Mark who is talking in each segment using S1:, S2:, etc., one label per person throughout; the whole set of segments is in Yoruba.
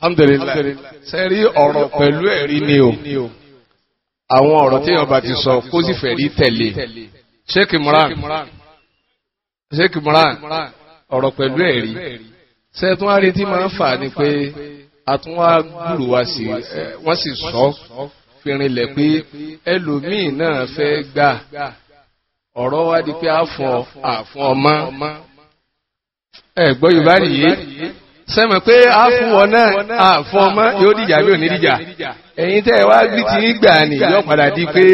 S1: alhamdulillah sẹ́rí ọ̀rọ̀ pẹ̀lú ẹ̀rí ni o àwọn ọ̀rọ̀ tí ọba ti sọ kó sì fẹ́ rí tẹ̀lé sheikh imran sheikh imran ọ̀rọ̀ pẹ̀lú ẹ̀rí sẹ́tún á retí máa ń fà ni pé àtúnwá gbùrù wá sí wọ́n sì sọ fìrìnlẹ̀ pé ẹlòmíì náà fẹ́ gbà ọ̀rọ̀ wá di pé àfọ̀n àfọ̀n ọmọ ẹ̀ gbọ́ yorùbá nìyí. sẹ́mọ̀ pé a fún na náà a fún ọmọ yóò dìjà bí ò ní tẹ́ wá bí ti ń gbà ní yóò padà di pé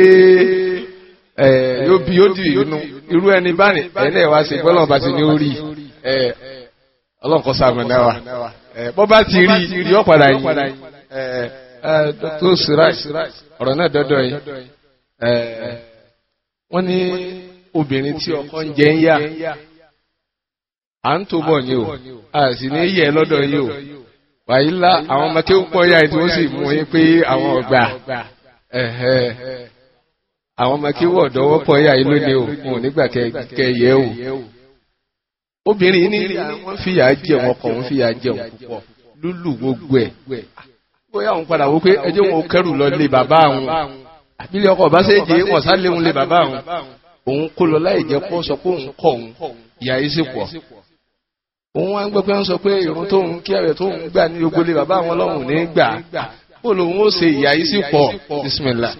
S1: yóò bí yóò dì inú irú ẹni báyìí ẹ̀yin náà wá sí pé ọlọ́run bá ti ní orí ọlọ́run náà bọ́ bá ti ọkọ ń à ń tó bọ̀ ni o a sì ní yẹ lọ́dọ̀ yìí o wàyí la àwọn ọmọ kéwù pọ̀ yá tí wọ́n sì mú yín pé àwọn ọ̀gbà àwọn ọmọ kéwù ọ̀dọ́ wọ́n pọ̀ yá yìí lónìí o wọn ò nígbà kẹyẹ o obìnrin ní wọ́n fìyà jẹun ọkọ wọn fìyà jẹun púpọ̀ lúlù gbogbo ẹ̀ bóyá òun padà wò pé ẹjọ́ wọn ò kẹrù lọ lé bàbá àwọn àbílẹ̀ ọkọ̀ bá ṣe jẹ́ wọ́n sá léwu lé bàbá àwọn òun kó lọ láì jẹ́ pọ́ sọ pé òun kọ̀ òun ìyá yìí sì pọ̀ òun wá ń gbọ́ pé ń sọ pé ìrun tóun kí ẹ̀rẹ̀ tóun gbà ní gbogbo lè bàbá àwọn ọlọ́run ní gbà ó lòun ó ṣe ìyá yìí sí pọ̀ bisimilá.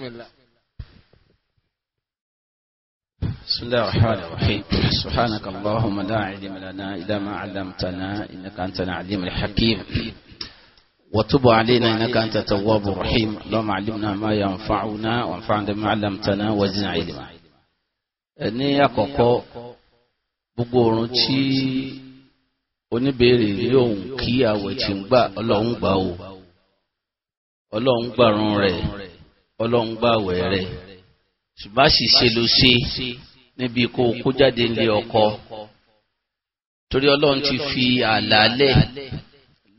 S2: بسم الله الرحمن الرحيم سبحانك اللهم لا علم لنا إلا ما علمتنا إنك أنت العليم الحكيم وتب علينا إنك أنت التواب الرحيم اللهم علمنا ما ينفعنا وانفعنا بما علمتنا وزدنا علما ní àkọ́kọ́ gbogbo orun tí oníbèrè yóò kí àwẹ̀ tí ń gbà ọlọ́run gbà o ọlọ́run gbàrún rẹ̀ ọlọ́run gbàwẹ̀ rẹ̀ ṣùgbọ́n àṣìṣe ló ṣe níbi kó kó jáde lé ọkọ torí ọlọ́run ti fi àlàálẹ̀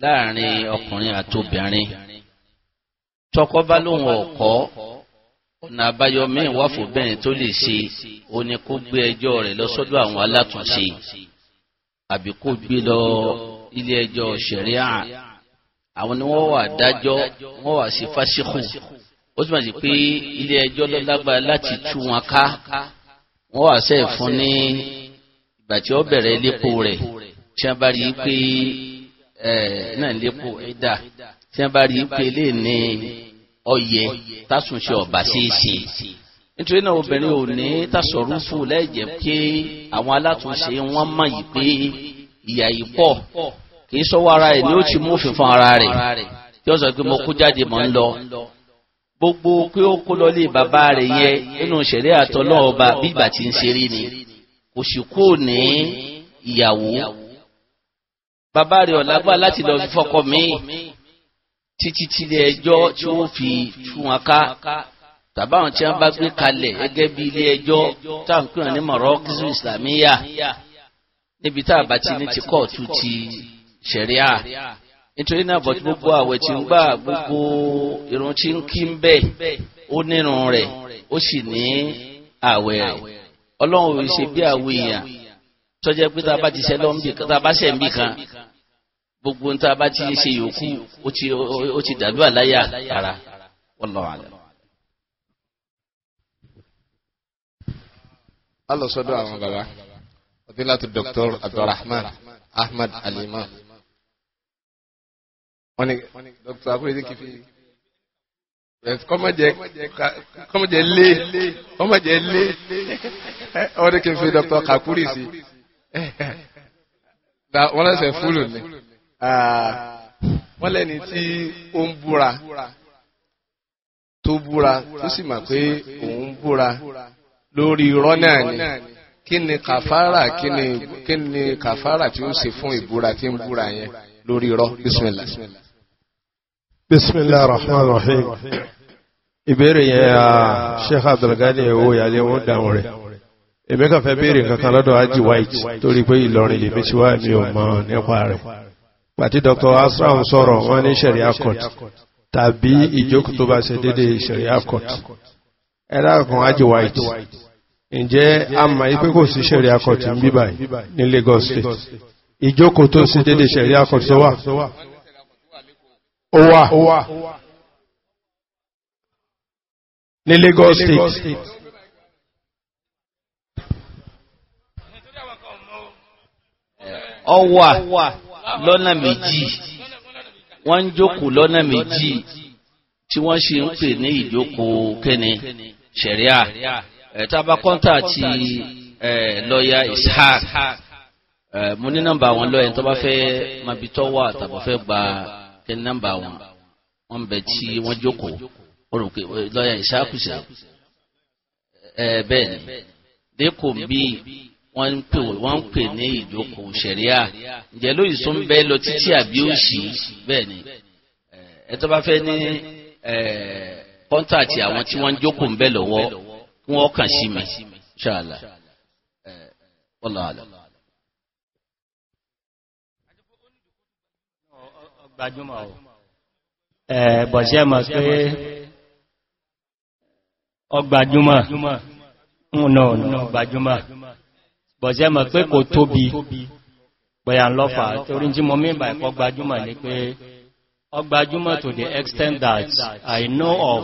S2: láàrin ọkùnrin àtobìnrin tọkọ bá lóun ọkọ ọ̀nà àbáyọ mẹ́wàá fòbẹ́rin tó lè ṣe ó ní kó gbé ẹjọ́ rẹ̀ lọ sọ́dọ̀ àwọn alátúnṣe àbí kó gbé lọ ilé ẹjọ́ ṣẹ̀ríà àwọn ni wọ́n wà dájọ́ wọ́n wà sí fásikù ó túmọ̀ sí pé ilé ẹjọ́ ló lágbára láti tú wọn ká wọ́n wà sẹ́ẹ̀ fún ní ìgbà tí ó bẹ̀rẹ̀ lépo rẹ̀ tí wọ́n bá rí i pé náà lépo ẹ̀dá tí wọ́n bá rí i pé lè ní ọyẹ tásùnṣe ọ̀bà ṣeéṣe nítorí náà obìnrin ò ní tàṣọrúfù lẹ́jẹ̀ pé àwọn alátúnṣe wọ́n mọ̀ yìí pé ìyà yìí pọ̀ kì í sọ́wọ́ ara ẹ̀ ni ó ti mú òfin fún ara rẹ̀ tí ó sọ pé mo kú jáde mọ́ ń lọ gbogbo pé ó kó lọ lé bàbá rẹ̀ yẹ nínú ìṣẹ̀lẹ̀ àtọ́lọ́ọba bí ìgbà tí ń ṣeré ni kò sì kú ní ìyàwó bàbá rẹ̀ ọ̀lágbà láti lọ fọkọ mi títí tilé ẹjọ́ tí ó fi tú ká tàbáwọn tí wọn bá gbé kalẹ̀ gẹ́gẹ́ bí ilé ẹjọ́ tá à ń pè wọn ní mọ̀rọ́kísù ìsìlámíyà níbi tá a bá ti ní ti kóòtù ti ṣẹ̀ríà nítorí náà bọ̀tí gbogbo àwẹ̀ tí ń gbà gbogbo irun tí ń kí ń bẹ̀ ó nírun rẹ̀ ó sì ní àwẹ̀ rẹ̀ ọlọ́run ò ṣe bí àwọn èèyàn tọ́jẹ́ pé tá a bá ti ṣe lọ́nbì kan tá a bá ṣe ń bì kan gbogbo tá a bá ti ṣe yòókù ó ti dàbí àláyà rárá wallahu alam. a lọ sọ́dọ̀ àwọn bàbá fadilatu Dr. Abdulrahman Ahmad Al-Imam
S1: wọ́n ní Dr. akurede kìfì kọ́mọ̀jẹ lé kọ́mọ̀jẹ lé wọ́n ní kìfì Dr. Kakuri sí wọ́n lẹ́sẹ̀ fúlù ni wọ́n lẹ́ni tí ó ń búra tó búra tó sì mà pé òun búra lórí irọ́ náà ni kí ni kàfàrà kí ni kàfàrà tí ó ṣe fún ìbúra tí ń búra yẹn lórí irọ́
S3: bísmìlá. bísmìlá rahman rahim ìbéèrè yẹn a ah, sheikh abdulgani owó yàlẹ wọn dáhùn rẹ èmi kàn fẹ́ béèrè nǹkan kan lọ́dọ̀ ají white torí pé ìlọrin lèmi ti wá mi ò mọ̀ nípa rẹ̀ pàtí dr asram sọ̀rọ̀ wọ́n ní sharia court tàbí ìjókòó tó bá ṣe déédéé sharia court ẹ̀dá kan ají white ǹjẹ́ a mọ̀ ipé kò sí ṣẹ̀rí akọ̀tí ń bíbà ní Lagos State
S4: ìjókòó tó sí dédé ṣẹ̀rí akọ̀tí tó
S3: wà ó wà ní Lagos State
S2: ó wà lọ́nà méjì wọ́n ń jókòó lọ́nà méjì tí wọ́n sì ń pè ní ìjókòó kẹ́ni ṣẹ̀ríà taba kọ́ńtàtì lọ́ọ̀yà ishaq eh, mo ní nọ́mbà wọn lọ́ọ̀yà tó bá fẹ́ mabi tọ́ wà tàbí fẹ́ gba kí nọ́mbà wọn wọn bẹ tí wọ́n jókòó eh, lọ́ọ̀yà ishaq ṣe eh, bẹ́ẹ̀ ni dẹ́kun bíi wọ́n ń pè wọ́n ń pè ní ìjókòó ṣẹ̀ríà ǹjẹ́ lóyún sún bẹ́ẹ̀ lọ títí àbí òsì bẹ́ẹ̀ ni ẹ tó bá fẹ́ ní kọ́ńtàtì àwọn tí wọ́n ń jókòó ń bẹ lọ́wọ́ wọn kàn sí mi ṣáàlà ẹ ọlọ́àlọ́. gbajúmọ̀ o ẹ̀ bọ̀ṣẹ́ mọ̀ pé
S1: ọgbàjúmọ̀ ọ̀nà ọ̀nà ọgbàjúmọ̀
S4: bọ̀ṣẹ́ mọ̀ pé kò tóbi gbẹ̀yà lọ́fà torí
S1: jí mọ́ mẹ́bà ẹ̀kọ́ gbajúmọ̀ ní pé ọgbàjúmọ̀ to the extent that I know of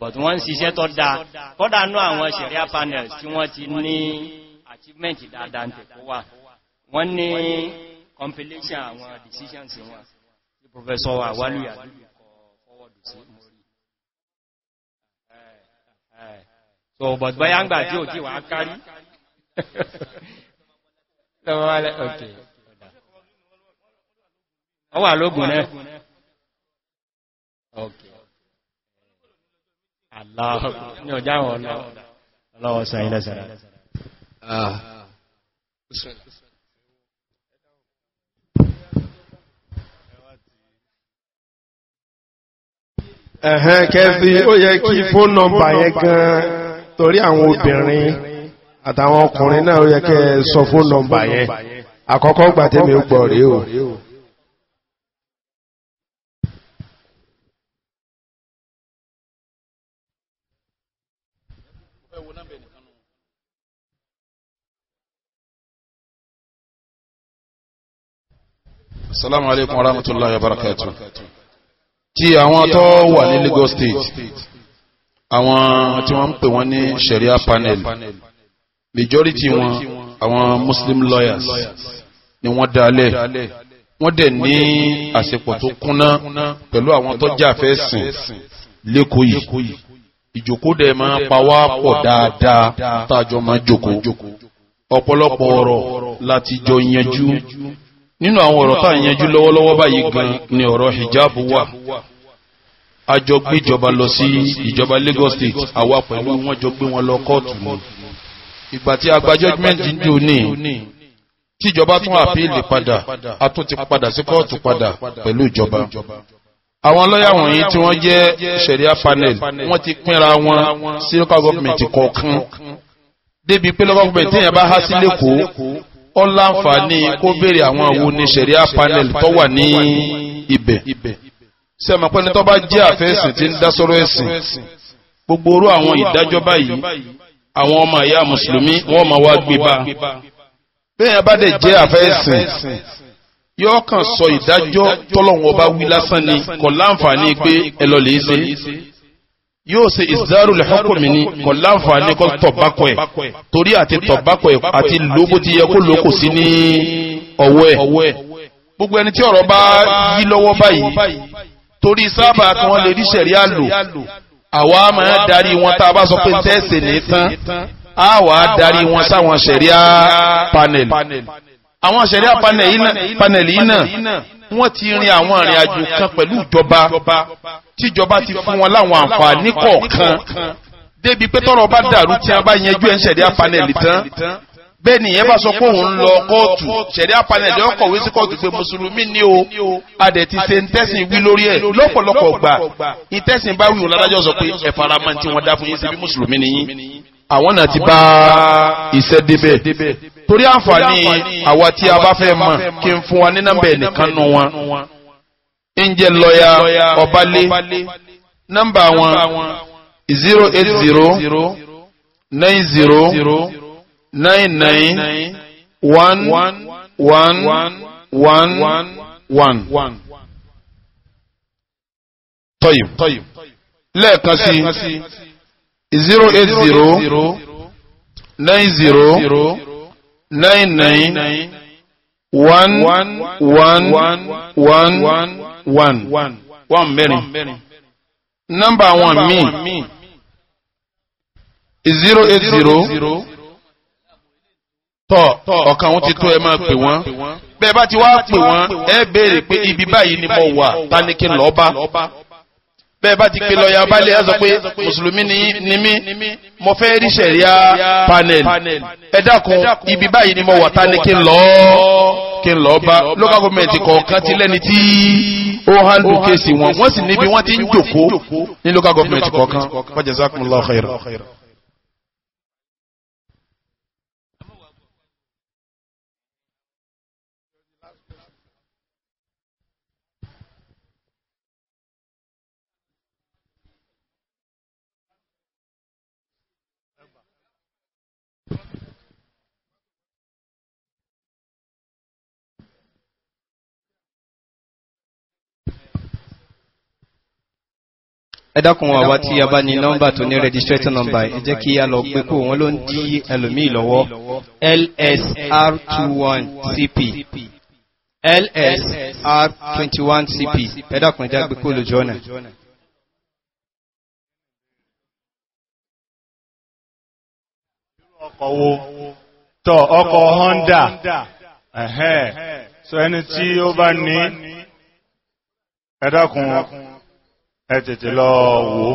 S1: but wọ́n ṣiṣẹ́ tọ́ dáa kọ́dá ní àwọn sharia panels tí wọ́n ti ní achievement dáadáa tẹ̀ kó wà wọ́n ní compilation àwọn decisions wọn tí professor àwálù
S4: so but bọ́yá ń gbà tí ò wà kárí lọ́wọ́ okay ọwà lógún náà okay Ah. Ẹ̀hẹ́n kẹfì ó yẹ kí fóònù nọ́mbà yẹn gan
S3: torí àwọn obìnrin àtàwọn ọkùnrin náà ó yẹ kẹ́ sọ fóònù nọ́mbà yẹn.
S1: Àkọ́kọ́ gbàtẹ́mì ó gbọ̀ rí o.
S4: assalamu alaikum warahmatullahi wabarakatuh
S3: ti àwọn tó wà ní Lagos State àwọn tí wọ́n ń pè wọ́n ní sharia panel majority wọn àwọn muslim lawyers ni wọ́n dalẹ̀ wọ́n dẹ̀ ní àsepọ̀ tó kúnná pẹ̀lú àwọn tó jàfẹ́ sìn lẹ́kọ̀ọ́ yìí ìjókòó dẹ̀ máa pa wá pọ̀ dáadáa tájọ máa jókòó ọ̀pọ̀lọpọ̀ ọ̀rọ̀ láti jọ yanjú nínú àwọn ọ̀rọ̀ tá à ń yanjú lọ́wọ́lọ́wọ́ báyìí gan ni ọ̀rọ̀ hijab wà a jọ gbé ìjọba lọ sí ìjọba Lagos State àwa pẹ̀lú wọn jọ gbé wọn lọ kóòtù ni ìgbà tí agba judgment ń dùn ní tíjọba tún àpíìlì padà a tún ti padà sí kóòtù padà pẹ̀lú ìjọba
S2: àwọn lọ́yà wọ̀nyí tí wọ́n jẹ́ sharia panel wọ́n ti pínra wọn sí local government kọ̀ọ̀kan
S3: débi pé local government téèyàn bá há sí lẹ́kọ̀ọ́
S4: ó láǹfààní kó béèrè àwọn àwo ní sẹ̀ríà panel tó wà ní
S3: ibẹ̀ sẹ́mi pẹ́ni tó bá jẹ́ àfẹ́sìn tí ń dá sọ́rọ̀ ẹ̀sìn gbogbo orú àwọn ìdájọ́ báyìí àwọn ọmọ ìyá mùsùlùmí wọ́n máa wá gbé bá bẹ́ẹ̀ yẹn bá dẹ̀ jẹ́ àfẹ́sìn yóò kàn sọ ìdájọ́ tọ́lọ́wọ́n bá wí lásán ni kò láǹfààní pé ẹ lọ lè ṣe é yóò ṣe ìsìdárù lẹ́kọ̀ọ́ mi ni kò láǹfààní kò tọ̀bákọ̀ ẹ̀ torí àti tọ̀bákọ̀ ẹ̀ àti lóbó ti yẹ kó lóko sí ní ọwọ́ ẹ̀ gbogbo ẹni tí ọ̀rọ̀ bá yí lọ́wọ́ báyìí torí sábà kí wọ́n lè rí sẹ̀ríà lò àwa máa darí wọn tá a bá sọ pé tẹ́sẹ̀ ní tán á wà á darí wọn sáwọn sẹ̀ríà panel àwọn sẹ̀ríà panel yìí náà wọ́n ti rin àwọn ìrìn àjò kan pẹ̀lú ìjọba tíjọba ti fún wọn láwọn àǹfààní kọ̀ọ̀kan débi pé tọ́rọ̀ bá dàrú tí a bá yanjú ẹ̀ ń ṣẹ̀dí apanẹ́lì tán bẹ́ẹ̀ nìyẹn bá sọ pé òun lọ kóòtù ṣẹ̀dí apanẹ́lì ọkọ̀wé sí kóòtù pé mùsùlùmí ni o adẹ̀ ti ṣe ntẹ́sìn wí lórí ẹ̀ lọ́pọ̀lọpọ̀ gbà ntẹ́sìn bá wí òun ládájọ́ sọ pé ẹ̀ fara àwọn náà ti bá iṣẹ́ débẹ̀ torí àǹfààní àwa tí a bá fẹ́ mọ̀ kí n fún wa ní nọ́mbà ẹnìkan nù wọn ń jẹ́ lọ́ya zero eight zero nine zero nine nine one one one one one one mẹ́rin number one, míì zero eight zero tọ ọ̀kan wọn ti tó ẹ máa pè wọ́n bẹ́ẹ̀ bá ti wá pè wọ́n ẹ béèrè pé ibi báyìí ni mo wà ta kí n lọ bá bẹ́ẹ̀ bá ti pe lọ́ọ̀yà balẹ̀ ẹ sọ pé mùsùlùmí ni mí mo fẹ́ rí sẹ̀ríà panel ẹ dákun ibi báyìí ni mo wà tá ni kí n lọ kí n lọ bá local government kọ̀ọ̀kan ti lẹ́ni tí ó handle kéèsì wọn wọ́n sì níbi wọ́n ti ń jòkó ní local government kọ̀ọ̀kan.
S4: ẹdákun wọn àwa tí a bá ní nọ́mbà tó ní registration number ẹ
S1: jẹ́ kí a
S3: lọ pé kó wọn ló ń dí ẹlòmíì lọ́wọ́ lsr21cp lsr21cp ẹdákun ẹjá
S1: gbé kó lójú ọ̀nà.
S4: tọ ọkọ̀ honda ẹ̀hẹ́ so ẹni tí ó bá ní ẹdákun ẹ tètè lọ wò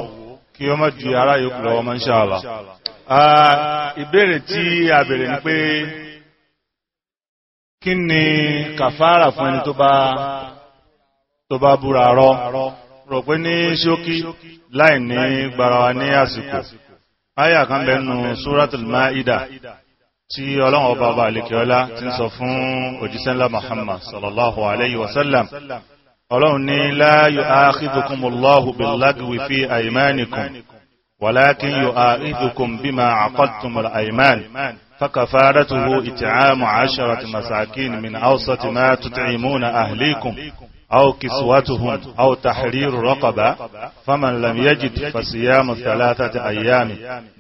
S4: kí ó má ju ará yòókù lọ́wọ́ mọ́ insha Allah ìbéèrè tí a béèrè ni pé kí ni kàfàrà fún ẹni tó bá tó bá búra rọ rò pé ní ṣókí láì ní gbara ní àsìkò àyà kan bẹnu suratul Maida tí ọlọ́run ọba ọba àlekèọ́lá ti ń sọ fún òjíṣẹ́ Muhammad sallallahu alayhi wa sallam ọlọ́run ní láàyò áàkìdùkùn mọ̀lọ́hù bí lágbìwì fi àìmánikùn wàlákin yóò áàkìdùkùn bí ma àkọ́tùn mọ̀lá àìmán fakafáratuhu ìtìámù àṣàràtì masakin min áùsàtì máa tutù ìmúna àhìlíkùn أو كسوتهم أو تحرير رقبة فمن لم يجد فصيام ثلاثة أيام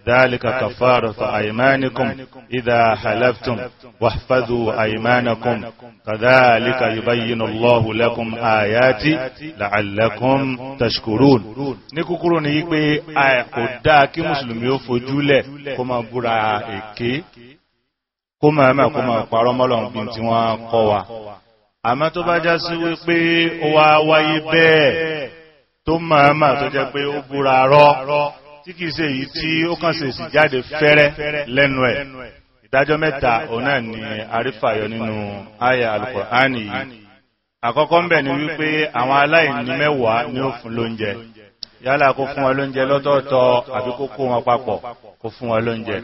S4: ذلك كفارة أيمانكم إذا حلفتم واحفظوا أيمانكم كذلك يبين الله لكم آيات لعلكم تشكرون نكوكرون يكبي آية قداك مسلمي فجولة كما برا إكي كما ما كما قرم الله بنتي وقوا àmọ́ tó bá já sí wípé ó wá wáyé bẹ́ẹ̀ tó màámà tó jẹ́ pé ó búra rọ́ tí kìí ṣe èyí tí ó kàn ṣe sì jáde fẹ́rẹ́ lẹ́nu ẹ̀ ìdájọ́ mẹ́ta òun náà ni àrífàyọ nínú àyà Al-Qur'ani yìí àkọ́kọ́ ń ni wípé àwọn aláìní mẹ́wàá ni ó fún lóúnjẹ yálà kó fún wọn lóúnjẹ lọ́tọ̀ọ̀tọ̀ àbí kó kó wọn papọ̀ kó fún wọn lóúnjẹ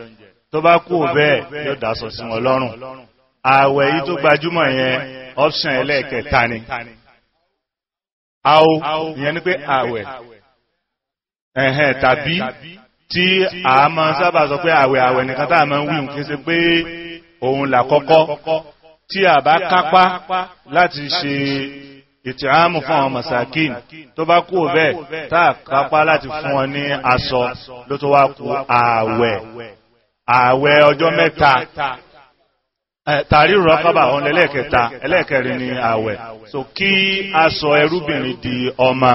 S4: tó bá kú bẹ́ẹ̀ yóò dáṣọ sí wọn lọ́rùn ààwẹ̀ yìí tó gbajúmọ̀ yẹn option ẹlẹ́ẹ̀kẹta ni àwò ìyẹn ni pé àwẹ̀ ẹ̀hẹ̀ tàbí tí a máa sábà sọ pé àwẹ̀ àwẹ̀ nìkan tá a máa ń wí nǹkan ṣe pé òun là kọ́kọ́ tí a bá kápá láti ṣe ìtìrámù fún àwọn masakin tó bá kú bẹ́ẹ̀ tá a kápá láti fún wọn ní aṣọ ló tó wá ku àwẹ̀ àwẹ̀ ọjọ́ mẹ́ta Eh, tàrí rọ́kọ́bà ọ̀nà ẹlẹ́ẹ̀kẹta ẹlẹ́ẹ̀kẹrin ni àwẹ̀ so kí a sọ ẹrúbìnrin di ọmọ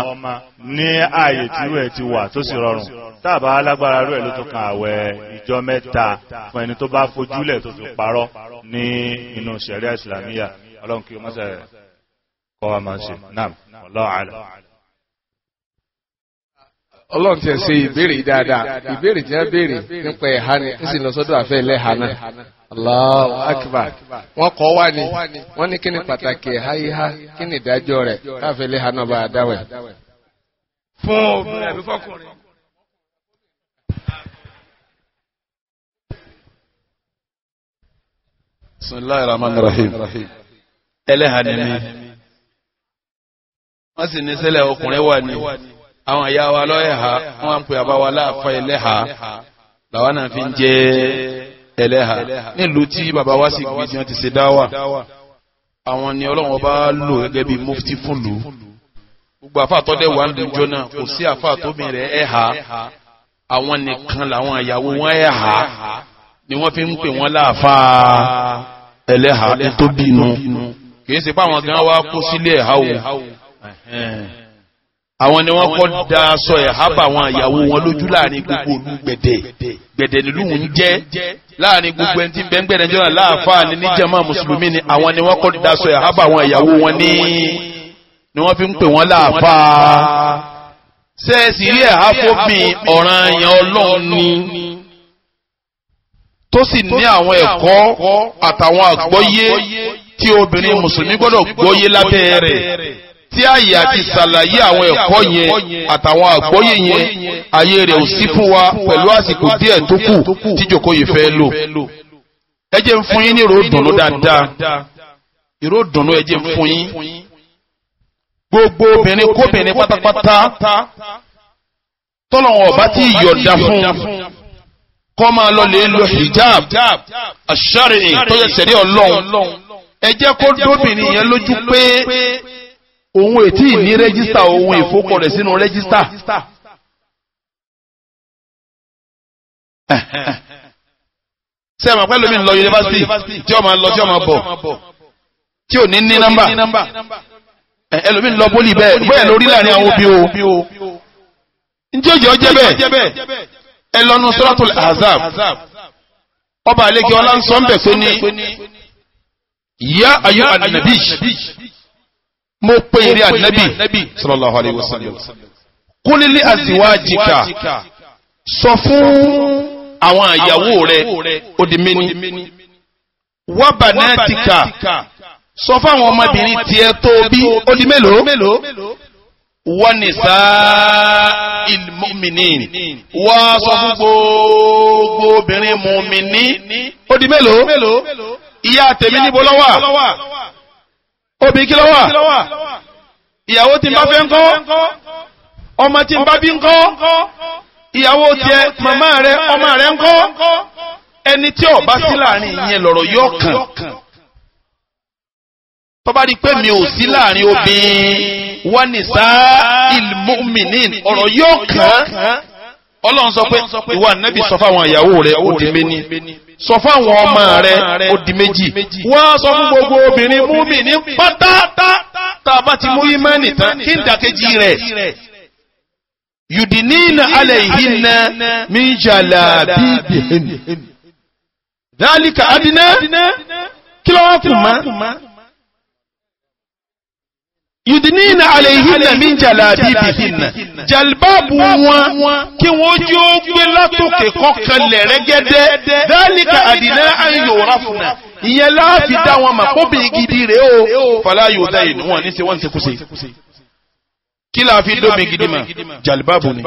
S4: ní ààyè tí rẹ̀ ti wà tó sì rọrùn tàbá alágbára rẹ̀ ló tó kan àwẹ̀ ìjọ mẹ́ta fún ẹni tó bá fojúlẹ̀ tó fi parọ́ ní inú sẹ̀ríà ìsìlámíyà ọlọ́run kí o mọ́sẹ̀ kọ́ wa máa ṣe náà ọlọ́run
S1: ọlọ́run ti ẹ̀ ṣe ìbéèrè dáadáa ìbéèrè tí béèrè nípa ẹ̀ha ni ń sì lọ sọ́dọ̀ àfẹ́ ẹlẹ́ha náà Allahu akbar wọ́n kọ́ wá ni wọ́n ní kí ni pàtàkì ẹ̀ha ìhá kí ni ìdájọ́ rẹ̀ káfẹ́ ẹlẹ́ha náà bá a dáwẹ̀. fún obìnrin àbí
S3: fọkùnrin. bisimilahi rahim ni àwọn ìyá wa lọ́yẹ̀ha wọ́n ń pè àbá wa láàfọ́ ẹlẹ́ha làwọn náà fi ń jẹ́ ẹlẹ́ha nílùú tí bàbá wa sì gbé jẹun ti ṣe dáwà àwọn ni ọlọ́run ọba lò gẹ́gẹ́ bí mufti fún lù gbogbo àfa àtọ́dẹ̀ wà ń dújọ́ náà kò sí àfa àtọ́mi rẹ̀ ẹ̀ha àwọn nìkan làwọn ìyàwó wọn ẹ̀ha ni wọ́n fi ń pè wọ́n láàfáà ẹlẹ́ha tó bínú kì í ṣe pé àwọn gan wa kó sílé ẹ̀ha o àwọn ni wọ́n kọ́ da aṣọ ẹ̀hábà àwọn àyàwó wọn lójú láàrin gbogbo olú gbẹ̀dẹ̀ gbẹ̀dẹ̀ nílùú ń jẹ́ láàrin gbogbo ẹni tí bẹ ń gbẹ̀dẹ̀ jọ́nà láàfáà ní níjàmá mùsùlùmí ni àwọn ni wọ́n kọ́ da aṣọ ẹ̀hábà àwọn àyàwó wọn ní ni wọ́n fi ń pè wọ́n láàfáà sẹ́ẹ̀sì rí ẹ̀háfóbìn ọ̀ràn àyàn ọlọ́run ni tó sì ní àwọn ẹ̀kọ́ àtàwọn àgbọ́yé tí obìnrin mùsùlùmí gbọ́dọ̀ gbọ́yé lábẹ́ rẹ̀ tí àyè àti ṣàlàyé àwọn ẹ̀kọ́ yẹn àtàwọn àgbọ́yé yẹn àyè rẹ̀ ò sí fún wa pẹ̀lú àsìkò díẹ̀ tó kù tí jòkó yìí fẹ́ lò. ẹ jẹ́ ń fún yín ní ìró ìdùnnú dáadáa ìró ìdùnnú ẹ jẹ́ ń fún yín. gbogbo obìnrin kóbìnrin pátápátá tọ́lọ́wọ́n ọ̀bá tí yọ̀ọ̀dá fún kọ́ máa lọ lè lo hijab aṣáre tó yẹ sẹ̀rí ọlọ́run ẹ jẹ́ kó dóbìnrin yẹn lójú pé òun ètí ní rẹ́gísítà òun ìfowópamọ́ rẹ̀ sínú rẹ́gísítà. ṣé àwọn pẹ́lú mi ń lọ yunifásitì tí ó máa lọ tí ó máa bọ̀ tí ò ní ní nọ́mbà ẹlòmíì ń lọ bólì bẹ́ẹ̀ bẹ́ẹ̀ lórí láàrin àwọn òbí o njẹ́ òjò jẹ́ bẹ́ẹ̀ ẹ lọ́nu suratul Ahzab ọba àlejò ọlá ń sọ ń bẹ̀ pé ní yá ayọ́ ànàbí mo pe ìrẹ ànábì sallallahu alayhi wa sallam kúlílé àzíwájìká sọ fún àwọn àyàwó rẹ odìmẹ́ni wábànáàtìkà sọ fún àwọn ọmọbìnrin tiẹ̀ tó bí odìmẹ́lò wọ́n ní sáà ìmọ̀mìnì wọ́n sọ fún gbogbo obìnrin mọ̀mìnì odìmẹ́lò ìyá tèmi níbo ló obì kí ló wà ìyàwó tí n bá fẹ́ ń kọ́ ọmọ tí n bá bí ń kọ́
S2: ìyàwó tiẹ̀ màmá rẹ ọmọ rẹ ń kọ́
S3: ẹni tí ó sí láàrin ìyẹn lọ̀rọ̀ yóò kàn tó rí pé mi ò sí láàrin obìnrin wọ́n ní sáà ilmuminin ọ̀rọ̀ yóò kàn ọlọ́run sọ pé ìwà nẹ́bí sọ fáwọn ìyàwó rẹ̀ ó sọ fún àwọn ọmọ rẹ ó di méjì wọ́n sọ fún gbogbo obìnrin múmi ní pátátá tàbá ti mú ìmánì tán kí n dàkejì rẹ̀ yùdìníìnà alẹ́ yìí na míjàlá bíbí hẹ́nì dálíkà adínà kí lọ́wọ́ kù mọ́ yìdínínà àlèyìnà ní jàlábíbìhìnà jàlbáàbù wọn kí wọ́n jí ó gbé látòkè kọkànlẹ̀ rẹ́gẹ́dẹ́ dálíkà àdínà àyòrá fúnà ìyẹn láàfi dá wọn mà kóbi gidi rèé o fàlàyò dáyé ni wọn ní ṣe wọn ṣe kúṣe kí láàfi dómi gidi mà jàlbáàbù ni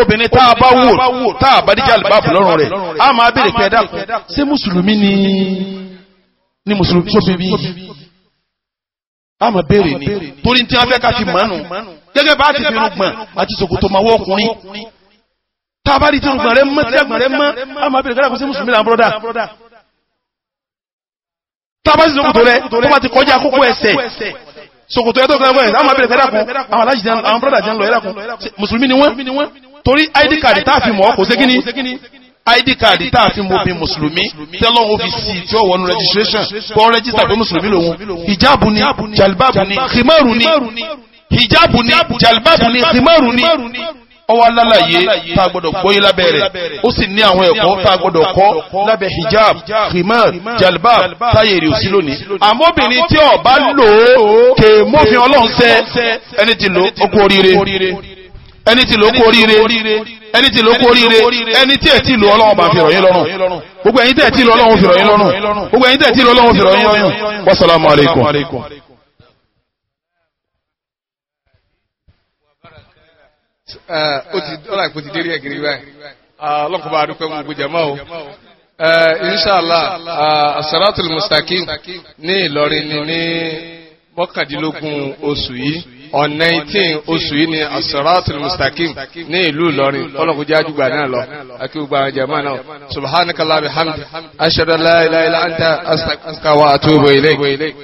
S3: obìnrin tá a bá wò tá a bá dí jàlbáàbù lọ́rùn rẹ̀ a máa béèrè pé ẹ ṣé mùsùlùmí ni ni mùsùlùmí tó bí àmọ́ béèrè ni torí tí wọ́n fẹ́ ká fi mọ́nu gẹ́gẹ́ bá ti fi rúgbọ̀n àti sòkòtò máa wọ́ ọkùnrin tábàdì tí rúgbọ̀n rẹ mọ́ tí àgbọ̀n rẹ mọ́ àmọ́ béèrè kẹ́lá kó sí mùsùlùmí là ń bọ́dà tábàdì sòkòtò rẹ tó bá ti kọjá kókó ẹsẹ̀ sòkòtò ẹ tó kọjá kókó ẹsẹ̀ àmọ́ béèrè kẹ́lá kún àwọn alájì àwọn bọ́dà jẹ́ ń lọ ẹ̀lá kún mùsùlùmí ni wọ́n torí id card tá a fi mọ̀ ọ́ kò sé id card tá a fi mú bí mùsùlùmí tẹ́lọ́hún fi sí tí ó wọnú registration kọ́ rẹ́gísítà pé mùsùlùmí lòun hijabu ni jalibabu ni khimaru ni hijabu ni jalibabu ni khimaru ni ọwọ́ alálàyé tá a gbọ́dọ̀ gbọ́yé lábẹ́ rẹ̀ ó sì ní àwọn ẹ̀kọ́ tá a gbọ́dọ̀ kọ́ lábẹ́ hijab khimar jalbab táyé èrè òsì lónìí. àmọ́bìnrin tí ó bá lò ó kè mófin ọlọ́run sẹ́ ẹni tí lò ó kú oríire ẹni tí ló kú oríire ẹni tí ló kú oríire ẹni tí ẹ ti lu ọlọ́run bá fìrọ̀ yín lọ́rùn gbogbo ẹ̀yin tẹ̀ ti lu ọlọ́run fìrọ̀ yín lọ́rùn gbogbo ẹ̀yin tẹ̀ ti lu ọlọ́run fìrọ̀ yín lọ́rùn wasalaamu alaykum.
S1: ó ti dọ́là ìpò ti dérí ẹ̀ gírí báyìí ọlọ́kùnrin bá dúpẹ́ gbogbo jẹ̀mọ́ o inṣàlá asaratul mustaqim ní Ìlọrin ní mọ́kàndínlógún oṣù yìí on nineteen oṣù yìí ni asaratul mustaqim ní ìlú ìlọrin kọlọ́kùnjẹ́ àjùgbà náà lọ akíwùgbà àwọn jẹ̀mọ́ náà subhanakallahumma bihamdik
S4: ashhadu an la ilaha illa anta astaghfiruka wa atubu ilayk.